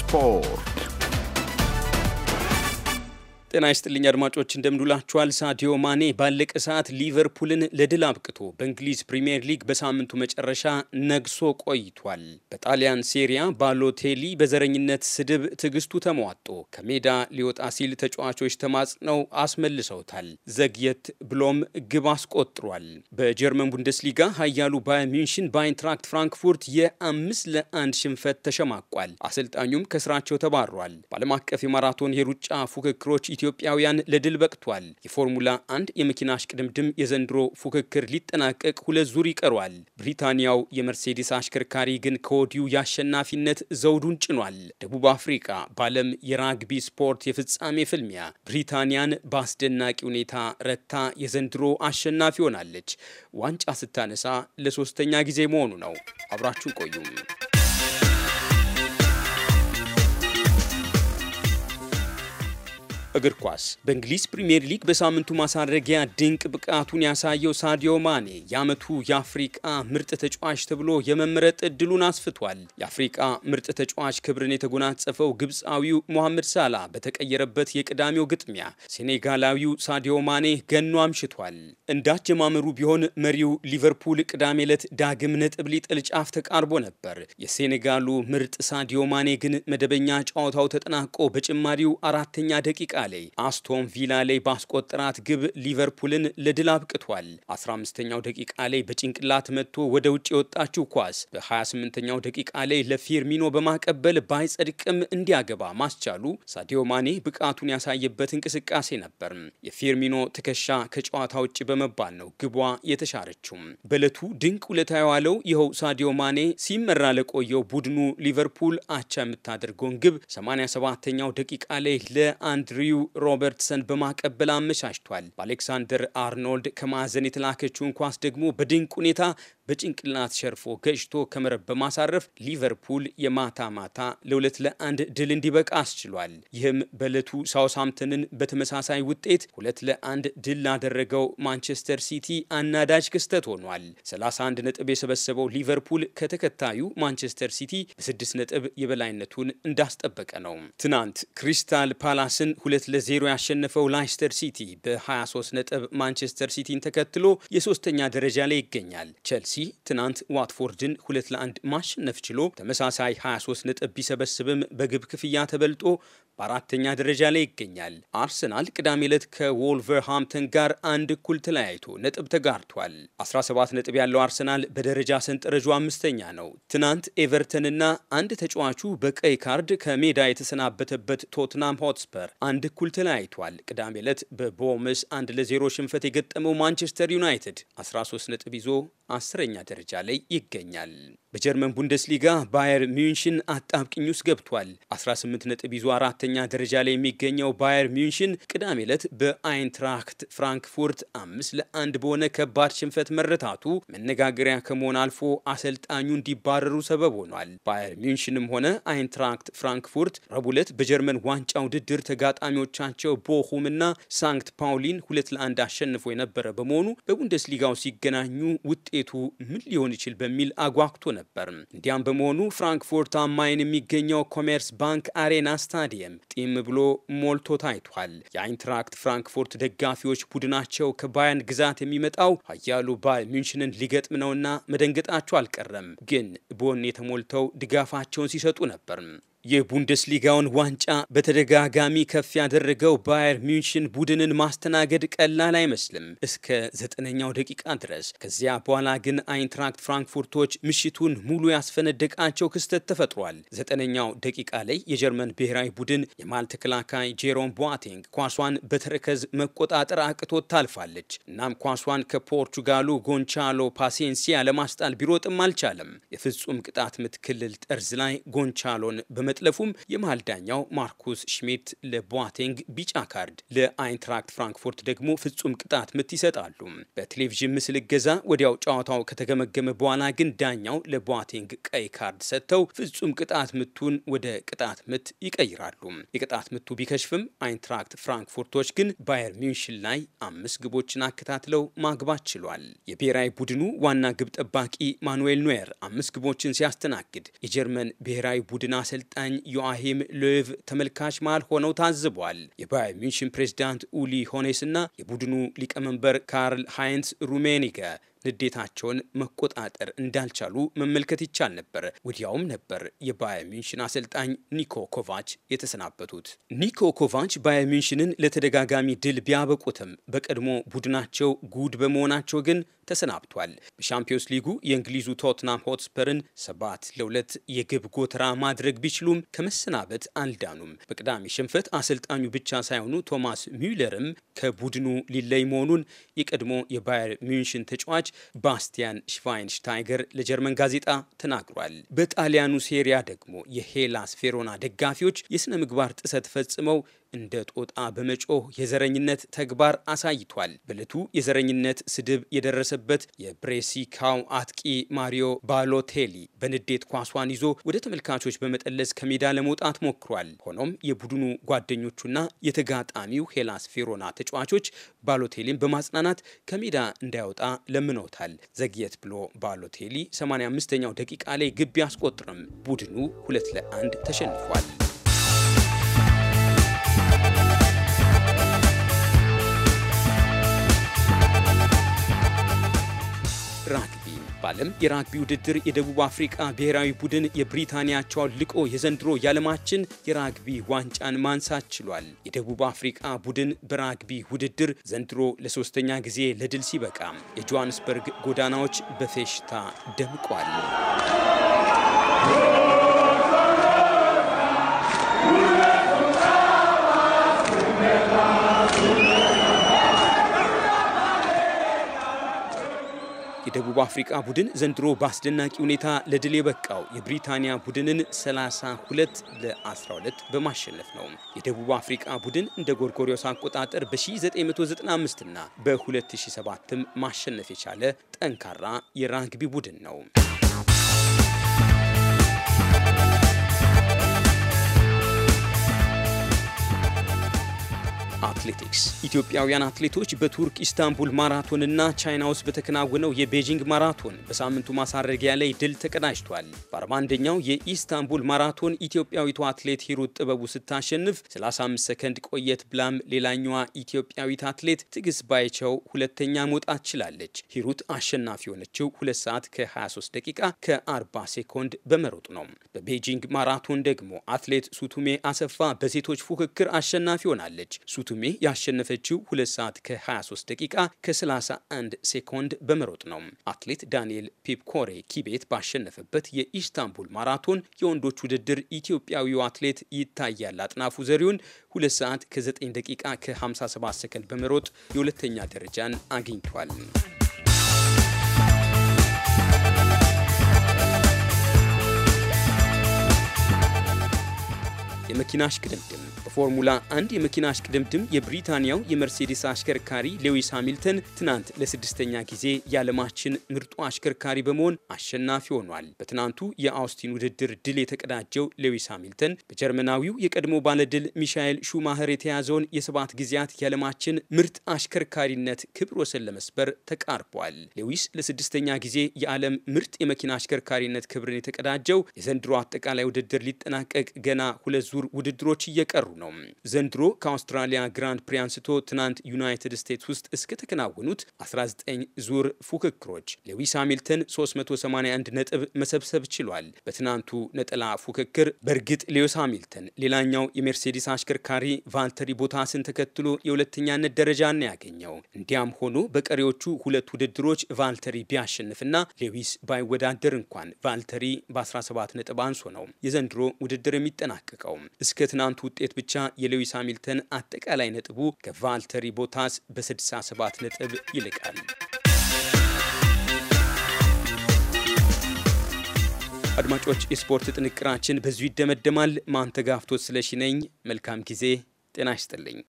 Spor. ጤና ይስጥልኝ አድማጮች እንደምንላችኋል። ሳዲዮ ማኔ ባለቀ ሰዓት ሊቨርፑልን ለድል አብቅቶ በእንግሊዝ ፕሪምየር ሊግ በሳምንቱ መጨረሻ ነግሶ ቆይቷል። በጣሊያን ሴሪያ ባሎቴሊ በዘረኝነት ስድብ ትዕግስቱ ተሟጦ ከሜዳ ሊወጣ ሲል ተጫዋቾች ተማጽነው አስመልሰውታል። ዘግየት ብሎም ግብ አስቆጥሯል። በጀርመን ቡንደስሊጋ ኃያሉ ባየር ሚንሽን በአይንትራክት ፍራንክፉርት የአምስት ለአንድ ሽንፈት ተሸማቋል። አሰልጣኙም ከስራቸው ተባሯል። በዓለም አቀፍ የማራቶን የሩጫ ፉክክሮች ኢትዮጵያውያን ለድል በቅቷል። የፎርሙላ አንድ የመኪና አሽቅድምድም የዘንድሮ ፉክክር ሊጠናቀቅ ሁለት ዙር ይቀሯል። ብሪታንያው የመርሴዲስ አሽከርካሪ ግን ከወዲሁ የአሸናፊነት ዘውዱን ጭኗል። ደቡብ አፍሪካ በዓለም የራግቢ ስፖርት የፍጻሜ ፍልሚያ ብሪታንያን በአስደናቂ ሁኔታ ረታ የዘንድሮ አሸናፊ ሆናለች። ዋንጫ ስታነሳ ለሶስተኛ ጊዜ መሆኑ ነው። አብራችሁ ቆዩም። እግር ኳስ በእንግሊዝ ፕሪምየር ሊግ በሳምንቱ ማሳረጊያ ድንቅ ብቃቱን ያሳየው ሳዲዮ ማኔ የዓመቱ የአፍሪቃ ምርጥ ተጫዋች ተብሎ የመመረጥ እድሉን አስፍቷል። የአፍሪቃ ምርጥ ተጫዋች ክብርን የተጎናጸፈው ግብፃዊው ሞሐመድ ሳላ በተቀየረበት የቅዳሜው ግጥሚያ ሴኔጋላዊው ሳዲዮ ማኔ ገኖ አምሽቷል። እንዳጀማመሩ ቢሆን መሪው ሊቨርፑል ቅዳሜ ዕለት ዳግም ነጥብ ሊጥል ጫፍ ተቃርቦ ነበር። የሴኔጋሉ ምርጥ ሳዲዮ ማኔ ግን መደበኛ ጨዋታው ተጠናቆ በጭማሪው አራተኛ ደቂቃ ላይ አስቶን ቪላ ላይ ባስቆጠራት ግብ ሊቨርፑልን ለድል አብቅቷል። 15ኛው ደቂቃ ላይ በጭንቅላት መጥቶ ወደ ውጭ የወጣችው ኳስ በ28ኛው ደቂቃ ላይ ለፊርሚኖ በማቀበል ባይጸድቅም እንዲያገባ ማስቻሉ ሳዲዮ ማኔ ብቃቱን ያሳየበት እንቅስቃሴ ነበር። የፊርሚኖ ትከሻ ከጨዋታ ውጭ በመባል ነው ግቧ የተሻረችው። በእለቱ ድንቅ ውለታ የዋለው ይኸው ሳዲዮ ማኔ ሲመራ ለቆየው ቡድኑ ሊቨርፑል አቻ የምታደርገውን ግብ 87ኛው ደቂቃ ላይ ለአንድሪው ዴቪው ሮበርትሰን በማቀበል አመቻችቷል። በአሌክሳንደር አርኖልድ ከማዕዘን የተላከችውን ኳስ ደግሞ በድንቅ ሁኔታ በጭንቅላት ሸርፎ ገጭቶ ከመረብ በማሳረፍ ሊቨርፑል የማታ ማታ ለሁለት ለአንድ ድል እንዲበቃ አስችሏል። ይህም በዕለቱ ሳውስሃምፕተንን በተመሳሳይ ውጤት ሁለት ለአንድ ድል ላደረገው ማንቸስተር ሲቲ አናዳጅ ክስተት ሆኗል። 31 ነጥብ የሰበሰበው ሊቨርፑል ከተከታዩ ማንቸስተር ሲቲ በስድስት ነጥብ የበላይነቱን እንዳስጠበቀ ነው። ትናንት ክሪስታል ፓላስን ሁለት ለዜሮ ያሸነፈው ላይስተር ሲቲ በ23 ነጥብ ማንቸስተር ሲቲን ተከትሎ የሶስተኛ ደረጃ ላይ ይገኛል። ቸልሲ ሲቲ ትናንት ዋትፎርድን ሁለት ለአንድ ማሸነፍ ችሎ ተመሳሳይ 23 ነጥብ ቢሰበስብም በግብ ክፍያ ተበልጦ በአራተኛ ደረጃ ላይ ይገኛል። አርሰናል ቅዳሜ ዕለት ከወልቨርሃምተን ጋር አንድ እኩል ተለያይቶ ነጥብ ተጋርቷል። 17 ነጥብ ያለው አርሰናል በደረጃ ሰንጠረዡ አምስተኛ ነው። ትናንት ኤቨርተንና አንድ ተጫዋቹ በቀይ ካርድ ከሜዳ የተሰናበተበት ቶትናም ሆትስፐር አንድ እኩል ተለያይቷል። ቅዳሜ ዕለት በቦምስ አንድ ለዜሮ ሽንፈት የገጠመው ማንቸስተር ዩናይትድ 13 ነጥብ ይዞ አስረኛ ደረጃ ላይ ይገኛል። በጀርመን ቡንደስሊጋ ባየር ሚዩንሽን አጣብቅኝ ውስጥ ገብቷል። 18 ነጥብ ይዞ አራተኛ ደረጃ ላይ የሚገኘው ባየር ሚንሽን ቅዳሜ ዕለት በአይንትራክት ፍራንክፉርት አምስት ለአንድ በሆነ ከባድ ሽንፈት መረታቱ መነጋገሪያ ከመሆን አልፎ አሰልጣኙ እንዲባረሩ ሰበብ ሆኗል። ባየር ሚንሽንም ሆነ አይንትራክት ፍራንክፉርት ረቡዕ ዕለት በጀርመን ዋንጫ ውድድር ተጋጣሚዎቻቸው ቦሁምና ሳንክት ፓውሊን ሁለት ለአንድ አሸንፎ የነበረ በመሆኑ በቡንደስሊጋው ሲገናኙ ውጤቱ ምን ሊሆን ይችል በሚል አጓግቶ ነበር። ነበር። እንዲያም በመሆኑ ፍራንክፉርት አማይን የሚገኘው ኮሜርስ ባንክ አሬና ስታዲየም ጢም ብሎ ሞልቶ ታይቷል። የአይንትራክት ፍራንክፉርት ደጋፊዎች ቡድናቸው ከባያን ግዛት የሚመጣው ኃያሉ ባየር ሚንሽንን ሊገጥም ነውና መደንገጣቸው አልቀረም። ግን ቦን የተሞልተው ድጋፋቸውን ሲሰጡ ነበር። የቡንደስሊጋውን ዋንጫ በተደጋጋሚ ከፍ ያደረገው ባየር ሚንሽን ቡድንን ማስተናገድ ቀላል አይመስልም እስከ ዘጠነኛው ደቂቃ ድረስ። ከዚያ በኋላ ግን አይንትራክት ፍራንክፉርቶች ምሽቱን ሙሉ ያስፈነደቃቸው ክስተት ተፈጥሯል። ዘጠነኛው ደቂቃ ላይ የጀርመን ብሔራዊ ቡድን የማል ተከላካይ ጄሮም ቦአቴንግ ኳሷን በተረከዝ መቆጣጠር አቅቶት ታልፋለች። እናም ኳሷን ከፖርቹጋሉ ጎንቻሎ ፓሴንሲያ ለማስጣል ቢሮጥም አልቻለም። የፍጹም ቅጣት ምት ክልል ጠርዝ ላይ ጎንቻሎን በመ በመጥለፉም የመሀል ዳኛው ማርኩስ ሽሚት ለቦቴንግ ቢጫ ካርድ፣ ለአይንትራክት ፍራንክፉርት ደግሞ ፍጹም ቅጣት ምት ይሰጣሉ። በቴሌቪዥን ምስል እገዛ ወዲያው ጨዋታው ከተገመገመ በኋላ ግን ዳኛው ለቦቴንግ ቀይ ካርድ ሰጥተው ፍጹም ቅጣት ምቱን ወደ ቅጣት ምት ይቀይራሉ። የቅጣት ምቱ ቢከሽፍም አይንትራክት ፍራንክፉርቶች ግን ባየር ሚንሽን ላይ አምስት ግቦችን አከታትለው ማግባት ችሏል። የብሔራዊ ቡድኑ ዋና ግብ ጠባቂ ማኑዌል ኖየር አምስት ግቦችን ሲያስተናግድ የጀርመን ብሔራዊ ቡድን አሰልጣ አሰልጣኝ ዮአሂም ሎቭ ተመልካች መሃል ሆነው ታዝቧል። የባየር ሚንሽን ፕሬዚዳንት ኡሊ ሆኔስ እና የቡድኑ ሊቀመንበር ካርል ሃይንስ ሩሜኒገ ንዴታቸውን መቆጣጠር እንዳልቻሉ መመልከት ይቻል ነበር። ወዲያውም ነበር የባየር ሚንሽን አሰልጣኝ ኒኮ ኮቫች የተሰናበቱት። ኒኮ ኮቫች ባየር ሚንሽንን ለተደጋጋሚ ድል ቢያበቁትም በቀድሞ ቡድናቸው ጉድ በመሆናቸው ግን ተሰናብቷል። በሻምፒዮንስ ሊጉ የእንግሊዙ ቶትናም ሆትስፐርን ሰባት ለሁለት የግብ ጎተራ ማድረግ ቢችሉም ከመሰናበት አልዳኑም። በቅዳሜ ሽንፈት አሰልጣኙ ብቻ ሳይሆኑ ቶማስ ሚውለርም ከቡድኑ ሊለይ መሆኑን የቀድሞ የባየር ሚንሽን ተጫዋች ባስቲያን ሽቫይንሽታይገር ለጀርመን ጋዜጣ ተናግሯል። በጣሊያኑ ሴሪያ ደግሞ የሄላስ ፌሮና ደጋፊዎች የሥነ ምግባር ጥሰት ፈጽመው እንደ ጦጣ በመጮህ የዘረኝነት ተግባር አሳይቷል። ብልቱ የዘረኝነት ስድብ የደረሰበት የብሬሲካው አጥቂ ማሪዮ ባሎቴሊ በንዴት ኳሷን ይዞ ወደ ተመልካቾች በመጠለስ ከሜዳ ለመውጣት ሞክሯል። ሆኖም የቡድኑ ጓደኞቹና የተጋጣሚው ሄላስ ፌሮና ተጫዋቾች ባሎቴሊን በማጽናናት ከሜዳ እንዳይወጣ ለምነውታል። ዘግየት ብሎ ባሎቴሊ 85ኛው ደቂቃ ላይ ግብ ቢያስቆጥርም ቡድኑ ሁለት ለአንድ ተሸንፏል። ባይባልም የራግቢ ውድድር የደቡብ አፍሪቃ ብሔራዊ ቡድን የብሪታንያቸውን ልቆ የዘንድሮ የዓለማችን የራግቢ ዋንጫን ማንሳት ችሏል። የደቡብ አፍሪቃ ቡድን በራግቢ ውድድር ዘንድሮ ለሶስተኛ ጊዜ ለድል ሲበቃ የጆሃንስበርግ ጎዳናዎች በፌሽታ ደምቋል። የደቡብ አፍሪቃ ቡድን ዘንድሮ በአስደናቂ ሁኔታ ለድል የበቃው የብሪታንያ ቡድንን 32 ለ12 በማሸነፍ ነው። የደቡብ አፍሪቃ ቡድን እንደ ጎርጎሪዮስ አቆጣጠር በ1995 እና በ2007 ማሸነፍ የቻለ ጠንካራ የራግቢ ቡድን ነው። አትሌቲክስ ኢትዮጵያውያን አትሌቶች በቱርክ ኢስታንቡል ማራቶንና ቻይና ውስጥ በተከናወነው የቤጂንግ ማራቶን በሳምንቱ ማሳረጊያ ላይ ድል ተቀዳጅቷል። በአርባ አንደኛው የኢስታንቡል ማራቶን ኢትዮጵያዊቷ አትሌት ሂሩት ጥበቡ ስታሸንፍ 35 ሰከንድ ቆየት ብላም ሌላኛዋ ኢትዮጵያዊት አትሌት ትዕግስት ባይቸው ሁለተኛ መውጣት ችላለች። ሂሩት አሸናፊ የሆነችው 2 ሰዓት ከ23 ደቂቃ ከ40 ሴኮንድ በመሮጥ ነው። በቤጂንግ ማራቶን ደግሞ አትሌት ሱቱሜ አሰፋ በሴቶች ፉክክር አሸናፊ ሆናለች። ሱቱሜ ያሸነፈችው 2 ሰዓት ከ23 ደቂቃ ከ31 ሴኮንድ በመሮጥ ነው። አትሌት ዳንኤል ፒፕኮሬ ኪቤት ባሸነፈበት የኢስ የኢስታንቡል ማራቶን የወንዶች ውድድር ኢትዮጵያዊው አትሌት ይታያል አጥናፉ ዘሪሁን ሁለት ሰዓት ከ9 ደቂቃ ከ57 ሰከንድ በመሮጥ የሁለተኛ ደረጃን አግኝቷል። የመኪና እሽቅድምድም በፎርሙላ አንድ የመኪና አሽቅድምድም የብሪታንያው የመርሴዲስ አሽከርካሪ ሌዊስ ሃሚልተን ትናንት ለስድስተኛ ጊዜ የዓለማችን ምርጡ አሽከርካሪ በመሆን አሸናፊ ሆኗል። በትናንቱ የአውስቲን ውድድር ድል የተቀዳጀው ሌዊስ ሃሚልተን በጀርመናዊው የቀድሞ ባለድል ሚሻኤል ሹማኸር የተያዘውን የሰባት ጊዜያት የዓለማችን ምርጥ አሽከርካሪነት ክብር ወሰን ለመስበር ተቃርቧል። ሌዊስ ለስድስተኛ ጊዜ የዓለም ምርጥ የመኪና አሽከርካሪነት ክብርን የተቀዳጀው የዘንድሮ አጠቃላይ ውድድር ሊጠናቀቅ ገና ሁለት ዙር ውድድሮች እየቀሩ ነው። ዘንድሮ ከአውስትራሊያ ግራንድ ፕሪ አንስቶ ትናንት ዩናይትድ ስቴትስ ውስጥ እስከተከናወኑት 19 ዙር ፉክክሮች ሌዊስ ሃሚልተን 381 ነጥብ መሰብሰብ ችሏል። በትናንቱ ነጠላ ፉክክር በእርግጥ ሌዊስ ሃሚልተን ሌላኛው የሜርሴዲስ አሽከርካሪ ቫልተሪ ቦታስን ተከትሎ የሁለተኛነት ደረጃን ያገኘው። እንዲያም ሆኖ በቀሪዎቹ ሁለት ውድድሮች ቫልተሪ ቢያሸንፍና ሌዊስ ባይወዳደር እንኳን ቫልተሪ በ17 ነጥብ አንሶ ነው የዘንድሮ ውድድር የሚጠናቀቀው። እስከ ትናንቱ ውጤት ብቻ ብቻ የሎዊስ ሃሚልተን አጠቃላይ ነጥቡ ከቫልተሪ ቦታስ በ67 ነጥብ ይልቃል። አድማጮች፣ የስፖርት ጥንቅራችን በዚሁ ይደመደማል። ማንተጋፍቶት ስለሺ ነኝ። መልካም ጊዜ። ጤና ይስጥልኝ።